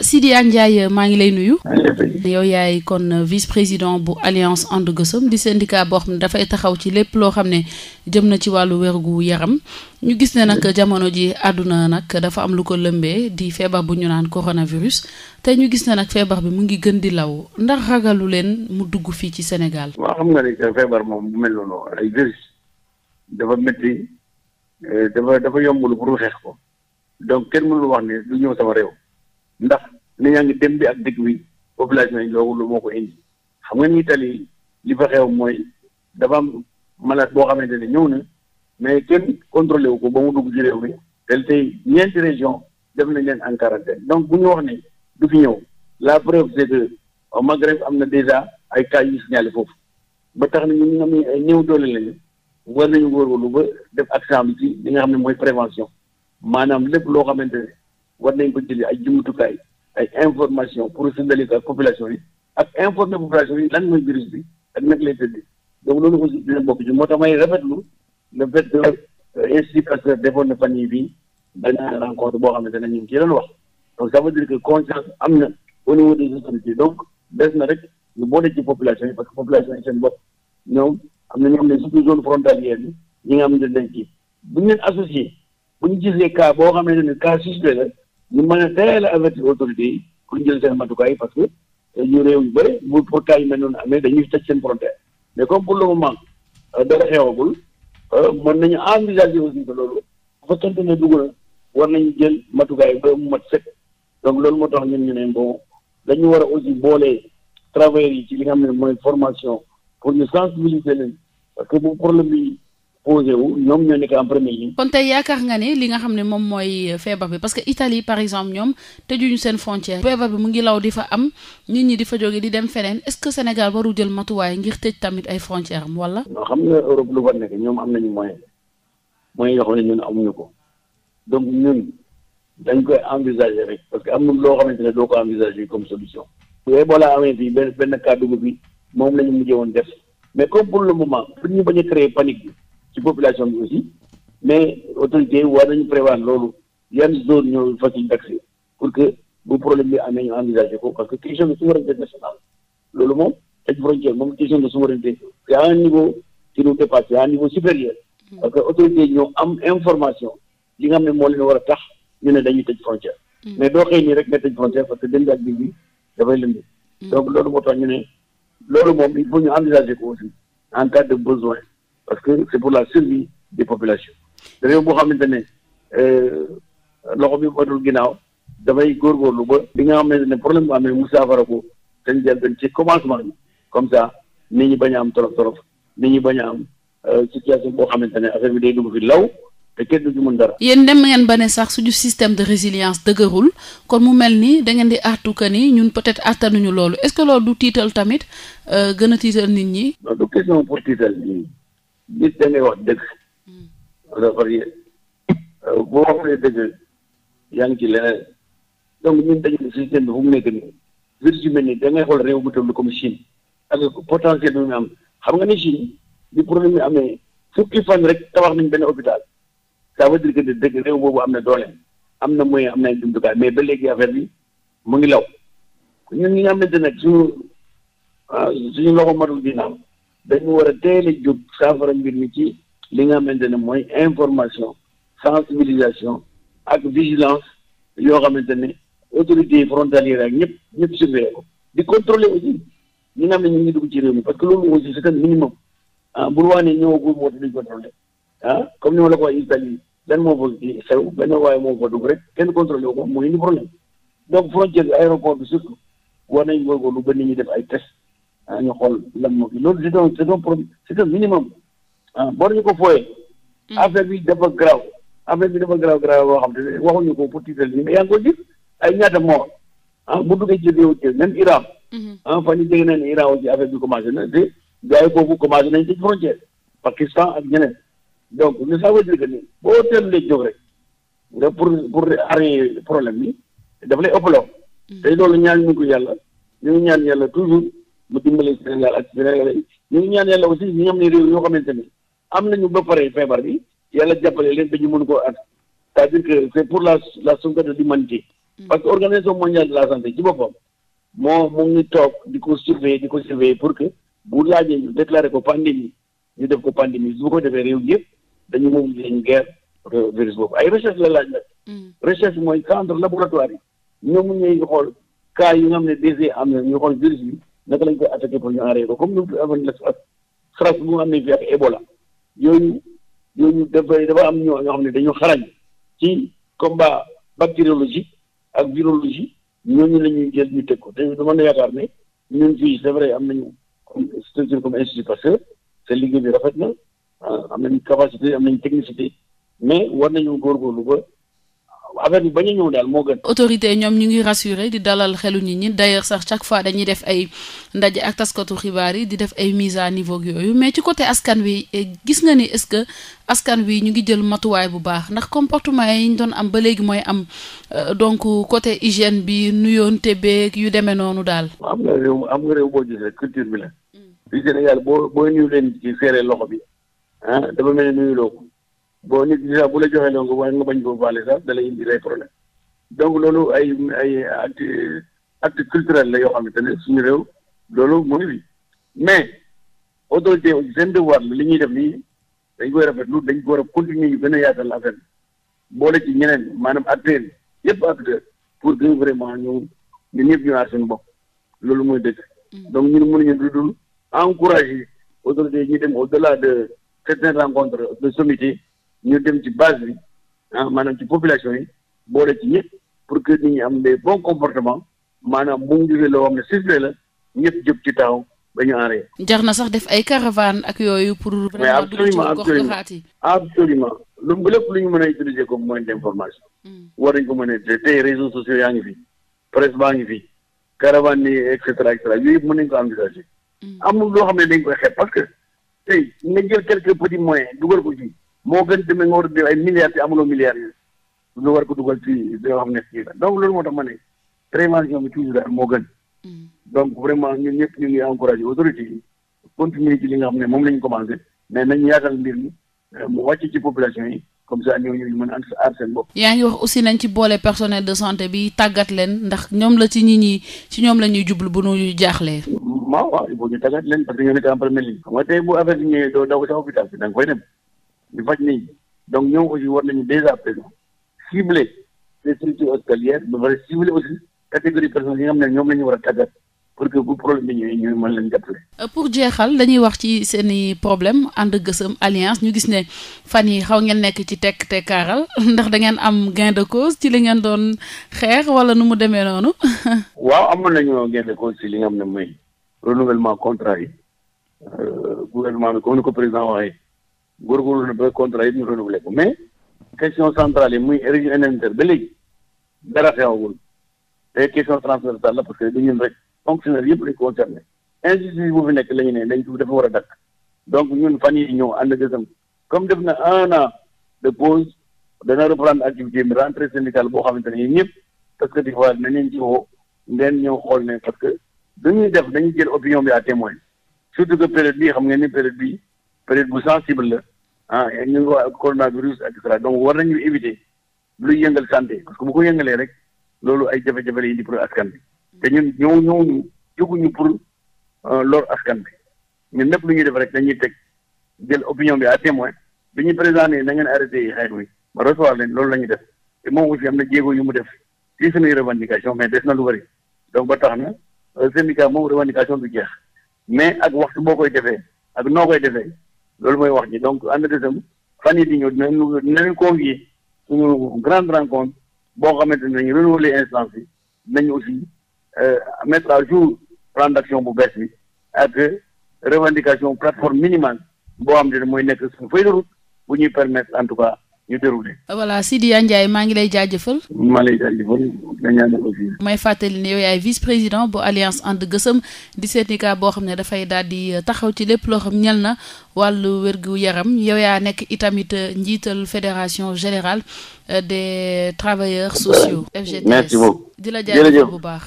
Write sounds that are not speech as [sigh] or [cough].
Sidya Ndiaye maa ngi lay nuyu yow yaay kon vice-président bu Alliance And Gueusseum di syndicat boo xam ne dafay taxaw ci lépp loo xam ne jëm na ci wàllu wérgu yaram ñu gis ne nag jamono ji àdduna nag dafa am lu ko lëmbee di feebar bu ñu naan coronavirus te ñu gis ne nag feebar bi mu ngi gën di law ndax ragalu leen mu dugg fii ci senegal waaw xam nga ni feebar moom mel noonu ay virus dafa métti eh, dafa dafa yombul pour xeex ko donc kenn mënul wax ndax ni ñaa ngi dem bi ak dëkk bi population yi loolu moo ko indi xam nga ni tali li fa xew mooy dafa am malade boo xamante ne ñëw na mais kenn contrôlé wu ko ba mu dugg ci réew mi te tey ñeenti région def nañ leen en quarantaine donc bu ñu wax ne du fi ñëw la preuve c'est que au Maghreb am na déjà ay cas yu signalé foofu ba tax na ñu ñoom ay néew doole lañu war nañu góorgóorlu ba def accent bi ci li nga xam ne mooy prévention maanaam lépp loo xamante ne war nañ ko jëlee ay jumtukaay ay information pour séddale ak population yi ak informer population yi lan mooy virus bi ak nag lay tëddee donc loolu aussi dina bokk ci moo tax may lu le fait que euh, Institut Pasteur defoon na fan yii bii benn rencontre boo xam ne ñu ngi ciy doon wax donc ça veut dire que conscience am na au niveau des autorités donc des rek ñu boole ci population yi parce que population yi seen bopp ñoom am na ñoo xam ne surtout zone frontalière bi ñi nga xam ne dañ ciy bu ñu leen boo xamante ne cas suspect ñu mën a teel a avertir autorités yi pour jël seen matukaay parce que ñu réew yu bëri bu pour cas yu mel noonu amee dañuy tëj seen frontière mais comme pour le moment euh, dara xewagul euh, mën nañu envisager aussi que loolu bu fekkente ne dugg na war nañu jël matukaay ba mu mat sëkk donc loolu moo tax ñun ñu neen bon dañu war a aussi boole travailleurs yi ci li nga xam ne mooy formation pour ñu sensibiliser leen parce que bu problème bi posé wu ñoom ñoo nekk en première ligne. kon tey yaakaar nga ne li nga xam ne moom mooy euh, feebar bi parce que Italie par exemple ñoom tëjuñu seen frontière. feebar bi mu ngi law di fa am nit ñi di fa jóge di dem feneen est-ce que Sénégal waru jël matuwaay ngir tëj tamit ay frontière am wala. non xam nga Europe lu fa nekk ñoom am nañu moyen moyen yoo xam ne ñun amuñu ko donc ñun dañ koy envisager rek parce que am na loo xamante ne doo ko envisager comme solution. bu Ebola amee fii benn benn cas dugub bi moom la ñu mujjee woon def mais comme pour le moment pour ñu bañ a créer panique bi. ci population bi aussi mais autorités yi war nañu prévoir loolu yan zone ñoo facile d'accès pour que bu problème bi amee ñu envisager parce que question de souveraineté nationale loolu moom tëj frontière moom question de souveraineté c'est à un niveau qui nous dépasse à un niveau supérieur parce que autorités yi ñoo am information li nga xam ne moo leen war a tax ñu ne dañuy tëj frontière mm. mais doo xëy rek nga tëj frontière parce que dënd ak biir bi dafay lënd mm. donc ne loolu moom il faut ñu envisager ko parce que c'est pour la survie des populations réew boo xamante ne euh, loxo bi batul ginnaaw dafay góorgóorlu ba li nga xamante ne problème bu amee mu saafara ko dañ jël ci commencement bi comme ça nit ñi bañ am trop trop nit ñi bañ a am euh, situation boo xamante ne affaire bi day dugg fi law te kenn du ci dara. yéen dem ngeen ba ne sax suñu système de résilience dëgërul kon mu mel ni da ngeen di artu que ni ñun peut-être artanuñu loolu est-ce que loolu du tiital tamit euh, gën a tiital nit ñi. non du question pour tiital nit da ngay wax dëgg. dafa boo waxulee dëgg yaa ngi ci leneen donc ñun dañu système bi fu mu nekk nii virus yu mel nii da xool réew bu toll comme Chine ak potentiel bi mu am xam nga ni Chine bi problème bi amee fukki fan rek tabax nañ benn hôpital ça veut dire que dëgg réew boobu am na doole am na moyen am na dund jumtukaay mais ba léegi affaire bi mu ngi law ñun ñi nga xamante ne suñu ah, suñu loxo matul dina am. dañu war a teel a jóg saafara mbir mi ci li nga xamante ne mooy information sensibilisation ak vigilance yoo xamante ne autorités frontalières ak ñëpp ñëpp surveiller ko di contrôler aussi ñi nga xam ne ñu ngi dugg mi parce que loolu aussi c'est un minimum ah bu waa ne ñëwagul ah, comme ni ma la ko waxee Italie benn moo fa xew dugg rek kenn contrôlé wu ko mooy indi problème donc frontière bi aéroport bi surtout war nañ góorgóorlu ba nit ñi def ay test ñu xool lan moo kii loolu c'est un c'est un problème bi dafa garaaw affaire bi dafa garaaw garaaw boo xam te waxuñu ko pour tiital ñi mais yaa ngi ko gis ay ñaata moo ah bu duggee ci réew ci même Iran. Mm-hmm. ah fan yii dégg naa ne Iran aussi affaire bi commencé na te gars yi foofu commencé nañ ci frontière Pakistan bi daf lay ëppaloo. Mm. te loolu ñaan ñu ko yàlla ñu ñaan yàlla toujours. mu dimbale Sénégal ak Sénégalais yi ñu ngi ñaan yàlla aussi ñi ñoom ni réew ñoo xamante ni am nañu ba pare feebar bi yàlla jàppale leen dañu mënu koo at cest dire que c'est pour la la sauvegarde de l'humanité mm. parce que organisation mondiale de la santé ci boppam moo mu ngi toog di ko surveiller di ko surveiller pour que bu laajee ñu déclaré ko pandémie ñu def ko pandémie su ko defee réew yëpp dañu mobiliser ñu guerre virus boobu ay recherche la laaj nag mm. recherche mooy centre laboratoire yi ñoom ñooy xool cas yi nga xam ne déjà naka lañ koy attaqué pour ñu enrayé ko comme nu mu fi amoon la France bu mu amee fii ak Ebola yooyu yooyu dafa am ñoo xam ne dañu xarañ ci combat bactériologique ak virologie ñooñu la ñuy jël ñu teg ko te dama ne yaakaar ne ñun fii c'est vrai am nañu comme structure comme parce que seen liggéey bi rafet na ah, am nañu capacité am nañu technicité mais war nañu góor góor lu ba. affaire bi bañ a ñëw daal moo gën. autorité yi ñoom ñu ngi rassuré di dalal xelu nit ñi d'ailleurs sax chaque fois dañuy def ay ndaje ak taskatu xibaar yi di def ay mise à niveau yooyu mais ci côté askan wi eh, gis nga ni est-ce que askan wi ñu ngi jël matuwaay bu baax ndax comportement yi ñu doon am ba léegi mooy am euh, donc côté hygiène bi nuyoon te beeg yu demee noonu daal. am nga réew am nga réew boo gis rek culture bi la. Mm. fii Sénégal boo boo nuyu leen ci loxo bi ah, dafa mel nuyu loo boo nit dèjà bu la joxee ndongo waaye nga bañ koo baale sax da lay indi problème donc loolu ay ay acte acte culturel la yoo xamante ne suñu réew loolu mu ngi fi mais autorité seen devoir la li ñuy dem nii dañ koy rafetlu dañ ko war a continuer ñu gën a yaatal affaire boole ci ñeneen maanaam acteurs yëpp acteur pour que vraiment ñu ñu ñëpp ñu aar seen bopp loolu mooy dëgg mm. donc ñun mënuñu lu dul encourager autorités yi ñu dem au delà de certaines rencontres de sommité ñu dem ci base bi ah maanaam ci population yi boole ci ñëpp pour que ni ñu am des bons comportements maanaam mu ngi jógee loo xam ne sifflet la ñëpp jóg ci taxaw ba ñu enrayé. jar na sax def ay caravane ak yooyu pour. vraiment dugg ci gox goxaat yi lu lépp lu ñu mën a utiliser comme moyen d'information. Hmm. war nañ ko mën a tey réseaux sociaux yaa ngi fi presse baa ngi fi caravane yi et cetera et cetera yooyu yëpp mën nañ ko envisager. Hmm. amul loo xam ne dañ koy xeeb parce que tey nga ko moo gën demee nga war a def ay milliards yi amuloo milliards dugal xam ne fii la donc loolu moo tax ma ne toujours daal moo gën. Mm. donc vraiment ñun ñëpp ñu ngi encouragé autorités yi continuer li nga xam ne moom la ñu commencé mais mbir mi euh, mu wàcc yi. comme ça ñooñu ñu mën a aar seen bopp. yaa ngi wax aussi nañ ci boole personnel de santé bi tàggat ndax ñoom la ci nit ñi ci ñoom la ñuy jublu bu nu jaaxlee. waaw waaw il ñu tàggat parce que ñoo nekk en première ligne. xam nga bu affaire bi ñëwee doo daw sa hôpital bi da nga koy dem. di faj nit donc ñoom aussi war nañu dèjà présent cibler les structures hospitalières ba pare cibler aussi catégorie personnes yi nga xam ne ñoom la ñu war a tàggat pour que bu problème bi ñëwee ñooy mën leen jàppale. Euh, pour jeexal dañuy wax ci seen i problème ànd gësëm alliance ñu gis ne fan yi xaw ngeen nekk ci tekk tekaaral [laughs] ndax da ngeen am gain de cause ci li ngeen doon xeex wala nu mu demee noonu. [laughs] waaw amoon nañu gain de cause ci li nga xam ne mooy renouvellement contrat yi euh, gouvernement bi comme ni ko président góorgóorlu na ba contrat yi ñu renouvelé ko mais question centrale yi muy région indemnitaire ba léegi dara xewagul te question transversale la parce que du ñun rek fonctionnaire yëpp lañ concerné institut yi bu fi nekk la ñu ne dañ ko dafa war a dakk donc ñun fan yii ñëw ànd gësam comme def na un an de pause dana reprendre activité bi rentrée syndicale boo xamante ne ñëpp parce que di fois na leen ci woo ngeen ñëw xool ne parce que dañuy def dañuy jël opinion bi à témoin surtout que période bii xam ngeen ni période bii période bu sensible la ah ñu ngi wax coronavirus et cetera donc war nañu éviter lu yëngal santé parce que bu ko yëngalee rek loolu ay jafe-jafe la indi pour askan bi te ñun ñoo ñëw jóguñu pour euh, loolu askan bi ñun lépp lu ñuy def rek dañuy teg jël opinion bi à témoin bi ñuy présenté na ngeen arrêté yi xeex wi ma recevoir leen loolu la ñuy def te moom aussi am na jéego yu mu def ci suñuy revendication mais des na lu bëri donc ba tax na euh, syndicat moom revendication du jeex mais ak waxtu boo koy defee ak noo koy defee loolu mooy wax ji donc ànd itam fan yii di ñëw dinañu dinañu convier suñu grande rencontre boo xamante ne dañu renouveler instance yi dinañu aussi euh, mettre à jour plan d'action bu bees bi ak revendication plateforme minimale boo xam ne mooy nekk suñu feuille de route bu ñuy permettre en tout cas ñu déroulé. voilà Sidya Ndiaye maa ngi lay jaajëfal. maa may fàttali ne yow yaay vice président bu alliance And gësëm di syndicat boo xam ne dafay daal di taxaw ci lépp loo xam ñel na wàllu wérgu yaram yow yaa nekk itamit euh, njiital fédération général euh, de travailleurs sociaux. FGTS di la jaajëfal bu baax.